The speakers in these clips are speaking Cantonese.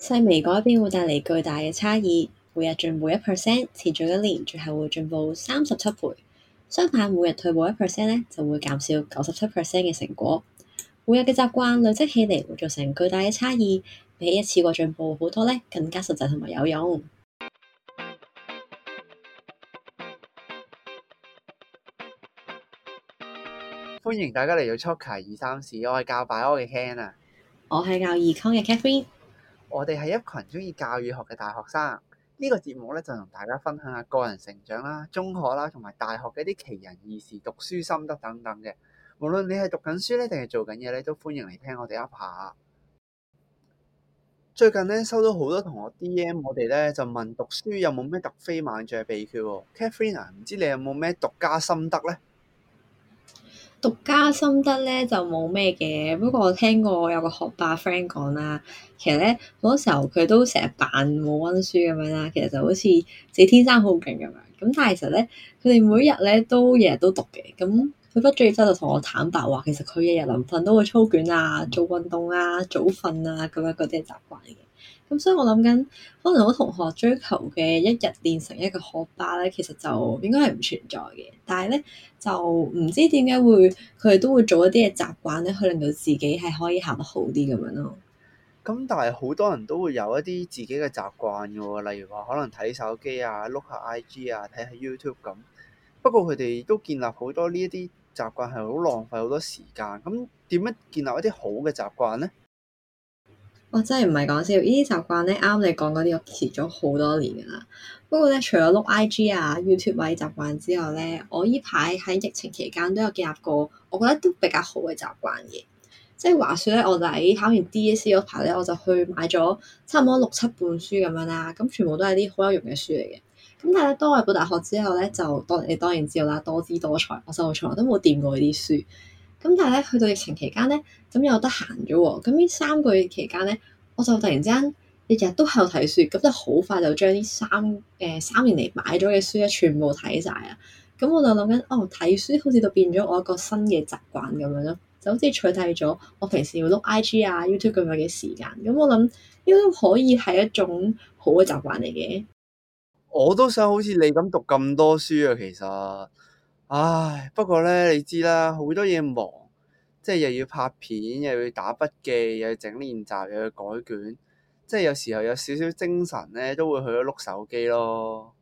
細微改變會帶嚟巨大嘅差異，每日進步一 percent，持續一年，最後會進步三十七倍。相反，每日退步一 percent 呢，就會減少九十七 percent 嘅成果。每日嘅習慣累積起嚟，會造成巨大嘅差異，比一次過進步好多呢，更加實際同埋有用。歡迎大家嚟到 Choka 二三事，我係教 bio 嘅 Ken 啊，我係教 Econ 嘅 Catherine。我哋係一群鍾意教育學嘅大學生，這個、節呢個節目咧就同大家分享下個人成長啦、中學啦同埋大學嗰啲奇人異事、讀書心得等等嘅。無論你係讀緊書咧定係做緊嘢咧，都歡迎嚟聽我哋一下。最近咧收到好多同學 DM，我哋咧就問讀書有冇咩突飛猛進嘅秘訣喎？Katrina，唔知你有冇咩獨家心得咧？獨家心得咧就冇咩嘅，不過我聽過有個學霸 friend 講啦，其實咧好多時候佢都成日扮冇溫書咁樣啦，其實就好似自己天生好勁咁樣。咁但係其實咧，佢哋每日咧都日日都讀嘅。咁佢畢咗業之後就同我坦白話，其實佢日日臨瞓都會操卷啊、做運動啊、早瞓啊咁樣嗰啲係習慣嘅。咁所以我諗緊，可能我同學追求嘅一日練成一個學霸咧，其實就應該係唔存在嘅。但係咧就唔知點解會，佢哋都會做一啲嘅習慣咧，去令到自己係可以行得好啲咁樣咯。咁、嗯、但係好多人都會有一啲自己嘅習慣嘅，例如話可能睇手機啊、碌下 IG 啊、睇下 YouTube 咁。不過佢哋都建立好多呢一啲習慣係好浪費好多時間。咁點樣建立一啲好嘅習慣咧？我真係唔係講笑，呢啲習慣咧，啱啱你講嗰啲我遲咗好多年噶啦。不過咧，除咗碌 IG 啊、YouTube 位、啊、習慣之外咧，我依排喺疫情期間都有建立過，我覺得都比較好嘅習慣嘅。即係話說咧，我就喺考完 DSE 嗰排咧，我就去買咗差唔多六七本書咁樣啦。咁全部都係啲好有用嘅書嚟嘅。咁但係咧，當我入到大學之後咧，就當你當然知道啦，多姿多彩，我真好彩，我從來都冇掂過呢啲書。咁但係咧，去到疫情期間咧，咁又得閒咗，咁呢三個月期間咧，我就突然之間日日都喺度睇書，咁真係好快就將呢三誒、呃、三年嚟買咗嘅書咧全部睇晒啊！咁我就諗緊，哦，睇書好似就變咗我一個新嘅習慣咁樣咯，就好似取締咗我平時要碌 IG 啊 YouTube 咁樣嘅時間。咁我諗應該都可以係一種好嘅習慣嚟嘅。我都想好似你咁讀咁多書啊，其實。唉，不過咧，你知啦，好多嘢忙，即係又要拍片，又要打筆記，又要整練習，又要改卷，即係有時候有少少精神咧，都會去咗碌手機咯。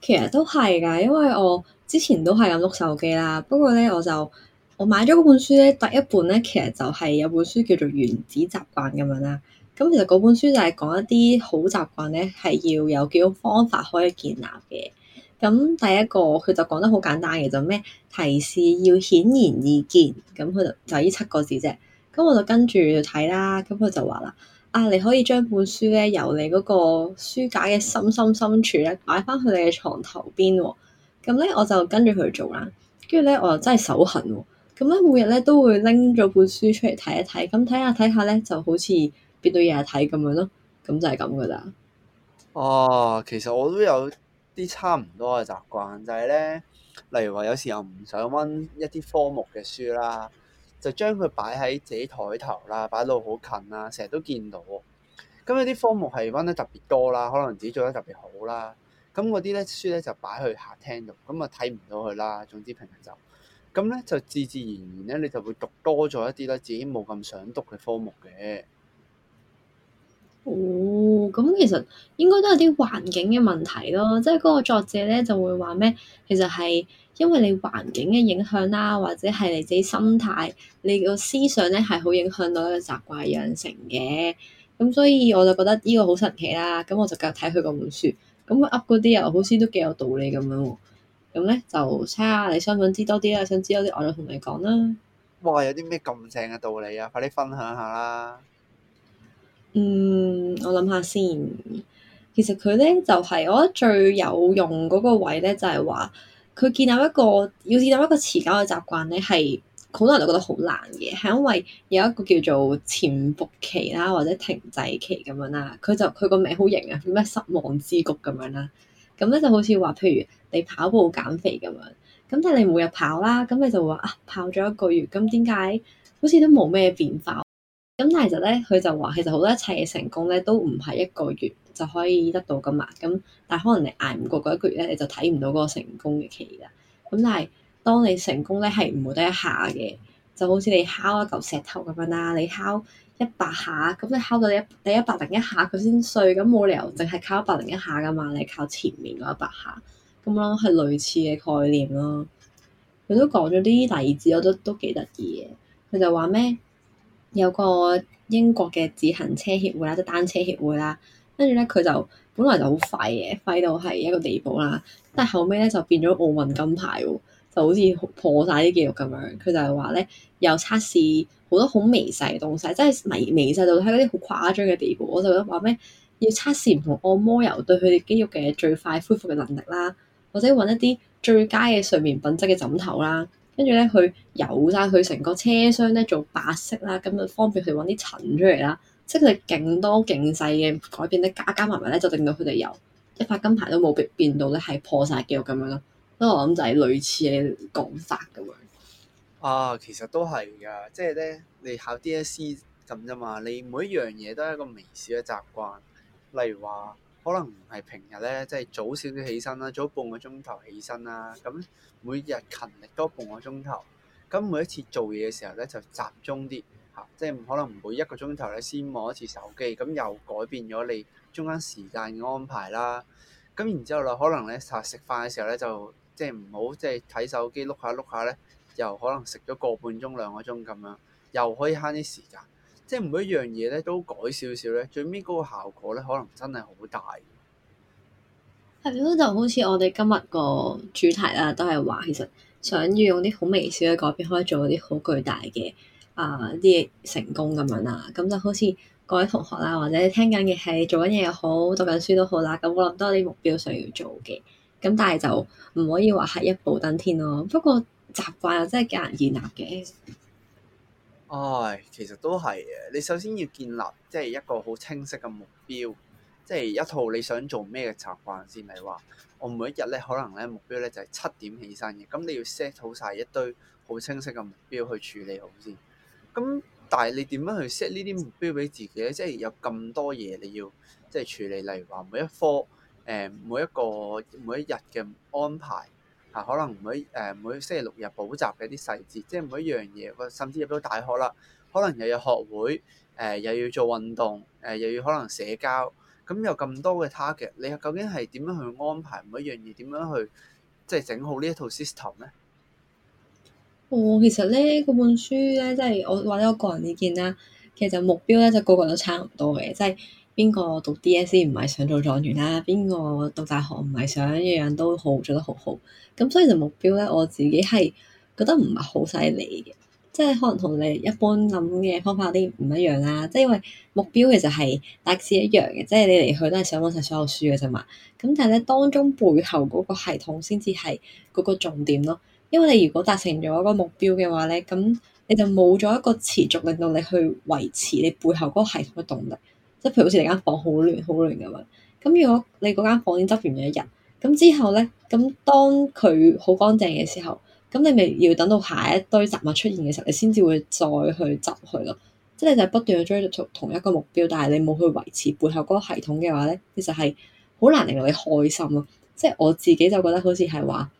其實都係㗎，因為我之前都係咁碌手機啦。不過咧，我就我買咗嗰本書咧，第一本咧，其實就係有本書叫做《原子習慣》咁樣啦。咁其實嗰本書就係講一啲好習慣咧，係要有幾種方法可以建立嘅。咁第一個佢就講得好簡單嘅就咩、是、提示要顯然易見，咁佢就就呢七個字啫。咁我就跟住睇啦，咁佢就話啦，啊你可以將本書咧由你嗰個書架嘅深深深處咧擺翻去你嘅床頭邊、哦。咁咧我就跟住佢做啦，跟住咧我又真係手痕。咁咧每日咧都會拎咗本書出嚟睇一睇，咁睇下睇下咧就好似變到日日睇咁樣咯，咁就係咁噶啦。哦，其實我都有。啲差唔多嘅習慣就係咧，例如話有時候唔想温一啲科目嘅書啦，就將佢擺喺自己台頭啦，擺到好近啦，成日都見到。咁有啲科目係温得特別多啦，可能自己做得特別好啦，咁嗰啲咧書咧就擺去客廳度，咁啊睇唔到佢啦。總之平平就咁咧，就自自然然咧，你就會讀多咗一啲咧，自己冇咁想讀嘅科目嘅。哦，咁其實應該都有啲環境嘅問題咯，即係嗰個作者咧就會話咩？其實係因為你環境嘅影響啦，或者係你自己心態，你個思想咧係好影響到一個習慣養成嘅。咁所以我就覺得呢個好神奇啦。咁我就繼續睇佢嗰本書，咁佢噏嗰啲又好似都幾有道理咁樣。咁咧就猜下你想唔想知多啲啦？想知多啲我就同你講啦。哇！有啲咩咁正嘅道理啊？快啲分享下啦～嗯，我諗下先。其實佢咧就係、是，我覺得最有用嗰個位咧就係話，佢建立一個要建立一個持久嘅習慣咧，係好多人都覺得好難嘅，係因為有一個叫做潛伏期啦，或者停滯期咁樣啦。佢就佢個名好型啊，叫咩失望之谷咁樣啦。咁咧就好似話，譬如你跑步減肥咁樣，咁但係你每日跑啦，咁你就話啊，跑咗一個月，咁點解好似都冇咩變化？咁但係其實咧，佢就話其實好多一切嘅成功咧，都唔係一個月就可以得到噶嘛。咁但係可能你挨唔過嗰一個月咧，你就睇唔到嗰個成功嘅期啦。咁但係當你成功咧，係唔會得一下嘅，就好似你敲一嚿石頭咁樣啦，啊。你敲一百下，咁你敲到你你一百零一下佢先碎，咁冇理由淨係靠一百零一下噶嘛。你靠前面嗰一百下咁咯，係類似嘅概念咯。佢都講咗啲例子，我都都幾得意嘅。佢就話咩？有個英國嘅自行車協會啦，即、就是、單車協會啦，跟住咧佢就本來就好廢嘅，廢到係一個地步啦，但後尾咧就變咗奧運金牌喎，就好似破晒啲肌肉咁樣。佢就係話咧，又測試好多好微細嘅東西，即係微微細到係嗰啲好誇張嘅地步。我就覺得話咩，要測試唔同按摩油對佢哋肌肉嘅最快恢復嘅能力啦，或者搵一啲最佳嘅睡眠品質嘅枕頭啦。跟住咧，佢油晒，佢成個車廂咧，做白色啦，咁啊方便佢揾啲塵出嚟啦。即係佢哋勁多勁細嘅改變咧，加加埋埋咧，就令到佢哋由一塊金牌都冇變到咧係破晒紀錄咁樣咯。所以我諗就係類似嘅講法咁樣啊。其實都係噶，即係咧，你考 DSE 咁啫嘛。你每一樣嘢都係一個微小嘅習慣，例如話，可能唔係平日咧，即係早少少起身啦，早半個鐘頭起身啦。咁每日勤力多半個鐘頭，咁每一次做嘢嘅時候咧，就集中啲嚇，即係可能每一個鐘頭咧先望一次手機，咁又改變咗你中間時間嘅安排啦。咁然之後啦，可能咧食食飯嘅時候咧，就即係唔好即係睇手機碌下碌下咧，又可能食咗個半鐘兩個鐘咁樣，又可以慳啲時間。即係每一樣嘢咧都改少少咧，最尾嗰個效果咧可能真係好大。係咯，就好似我哋今日個主題啦，都係話其實想要用啲好微小嘅改變，可以做啲好巨大嘅啊啲成功咁樣啦。咁就好似各位同學啦，或者你聽緊嘅係做緊嘢又好，讀緊書都好啦。咁我諗都係啲目標想要做嘅。咁但係就唔可以話係一步登天咯。不過習慣又真係幾難建立嘅。唉，其實都係嘅。你首先要建立即係一個好清晰嘅目標，即係一套你想做咩嘅習慣先。你話我每一日咧，可能咧目標咧就係七點起身嘅。咁你要 set 好晒一堆好清晰嘅目標去處理好先。咁但係你點樣去 set 呢啲目標俾自己咧？即係有咁多嘢你要即係處理，例如話每一科、誒每一個每一日嘅安排。啊，可能每誒每星期六日補習嘅啲細節，即係每一樣嘢，甚至入到大學啦，可能又要學會，誒、呃、又要做運動，誒、呃、又要可能社交，咁有咁多嘅 target，你究竟係點樣去安排每一樣嘢？點樣去即係整好呢一套 system 咧、哦就是？我其實咧嗰本書咧，即係我或者我個人意見啦，其實目標咧就個個都差唔多嘅，即、就、係、是。邊個讀 DSE 唔係想做狀元啦？邊個讀大學唔係想樣樣都好，做得好好咁？所以就目標咧，我自己係覺得唔係好犀利嘅，即係可能同你一般諗嘅方法有啲唔一樣啦。即係因為目標其實係大致一樣嘅，即係你嚟去都係想温晒所有書嘅啫嘛。咁但係咧，當中背後嗰個系統先至係嗰個重點咯。因為你如果達成咗個目標嘅話咧，咁你就冇咗一個持續令到你去維持你背後嗰個系統嘅動力。即係譬如好似你間房好亂，好亂咁樣。咁如果你嗰間房已經執完咗一日咁之後咧，咁當佢好乾淨嘅時候，咁你咪要等到下一堆雜物出現嘅時候，你先至會再去執佢咯。即係你就不斷去追同同一個目標，但係你冇去維持背後嗰個系統嘅話咧，其實係好難令到你開心咯。即係我自己就覺得好似係話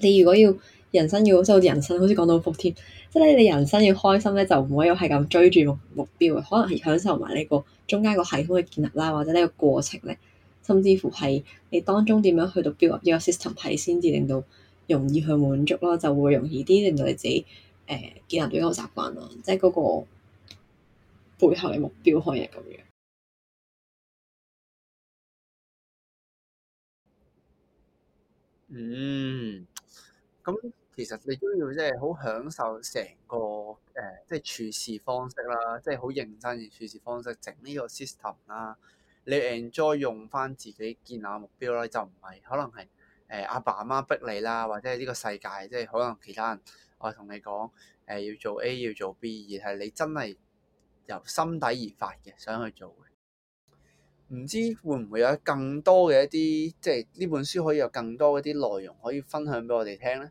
你如果要。人生要好似好似人生，好似講到福添，即係咧你人生要開心咧，就唔可以係咁追住目目標，可能係享受埋呢個中間個系統嘅建立啦，或者呢個過程咧，甚至乎係你當中點樣去到 build up 呢個 system 係先至令到容易去滿足咯，就會容易啲令到你自己誒、呃、建立到一個習慣咯，即係嗰個背後嘅目標可能係咁樣。嗯，咁。其實你都要即係好享受成個誒，即係處事方式啦，即係好認真嘅處事方式，整呢個 system 啦。你 enjoy 用翻自己建立目標咧，就唔係可能係誒阿爸阿媽逼你啦，或者係呢個世界即係可能其他人我同你講誒要做 A 要做 B，而係你真係由心底而發嘅想去做嘅。唔知會唔會有更多嘅一啲即係呢本書可以有更多嘅啲內容可以分享俾我哋聽咧？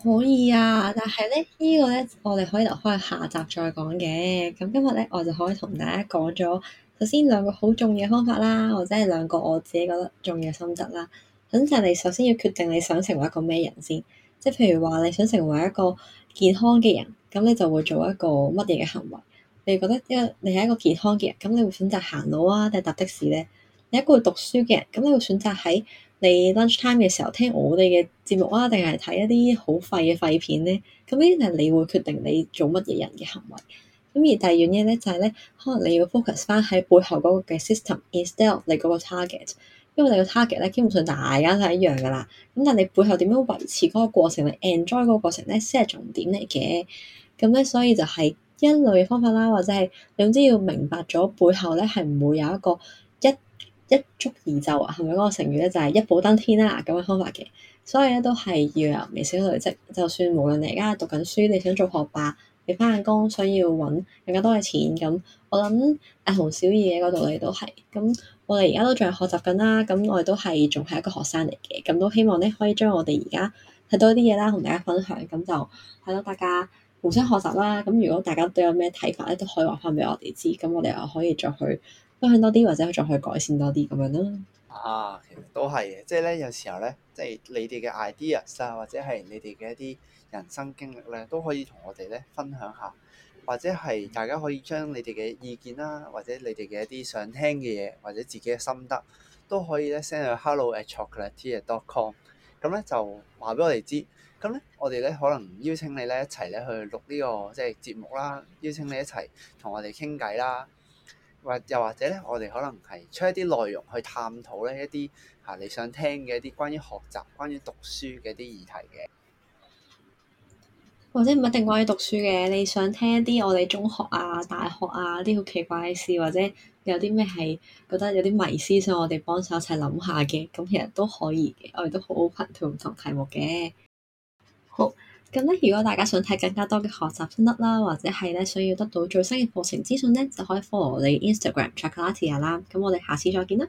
可以啊，但係咧呢個咧，我哋可以留開下集再講嘅。咁今日咧，我就可以同大家講咗，首先兩個好重要嘅方法啦，或者係兩個我自己覺得重要嘅心得啦。咁就係你首先要決定你想成為一個咩人先，即係譬如話你想成為一個健康嘅人，咁你就會做一個乜嘢嘅行為。你覺得，因你係一個健康嘅人，咁你會選擇行路啊，定係搭的士咧？你一個會讀書嘅人，咁你會選擇喺？你 lunch time 嘅時候聽我哋嘅節目啊，定係睇一啲好廢嘅廢片咧？咁呢啲係你會決定你做乜嘢人嘅行為。咁而第二樣嘢咧就係、是、咧，可能你要 focus 翻喺背後嗰個嘅 system，instead of 你嗰個 target。因為你個 target 咧基本上大家都係一樣噶啦。咁但係你背後點樣維持嗰個過程，你 enjoy 嗰個過程咧先係重點嚟嘅。咁咧所以就係一類嘅方法啦，或者係總之要明白咗背後咧係唔會有一個一。一蹴而就啊，係咪嗰個成語咧？就係一步登天啦咁嘅方法嘅，所以咧都係要由微小累積。就算無論你而家讀緊書，你想做學霸，你翻緊工，想要揾更加多嘅錢咁，我諗阿洪小二嘅嗰個道理都係咁。我哋而家都仲係學習緊啦，咁我哋都係仲係一個學生嚟嘅，咁都希望咧可以將我哋而家睇到啲嘢啦，同大家分享咁就係咯，大家。互相學習啦，咁如果大家都有咩睇法咧，都可以話返俾我哋知，咁我哋又可以再去分享多啲，或者去再去改善多啲咁樣啦。啊，其實都係嘅，即係咧有時候咧，即係你哋嘅 ideas 啊，或者係你哋嘅一啲人生經歷咧，都可以同我哋咧分享下，或者係大家可以將你哋嘅意見啦，或者你哋嘅一啲想聽嘅嘢，或者自己嘅心得，都可以咧 send 去 hello@chocolate.com，咁咧就話俾我哋知。咁咧，我哋咧可能邀請你咧一齊咧去錄呢個即係節目啦，邀請你一齊同我哋傾偈啦，或又或者咧，我哋可能係出一啲內容去探討咧一啲吓你想聽嘅一啲關於學習、關於讀書嘅啲議題嘅，或者唔一定關於讀書嘅，你想聽一啲我哋中學啊、大學啊啲好奇怪嘅事，或者有啲咩係覺得有啲迷思，我想我哋幫手一齊諗下嘅，咁其實都可以嘅。我哋都好頻度唔同題目嘅。好，咁咧，如果大家想睇更加多嘅學習心得啦，或者係呢，想要得到最新嘅課程資訊呢，就可以 follow 我哋 Instagram Chocolatier 啦。咁我哋下次再見啦。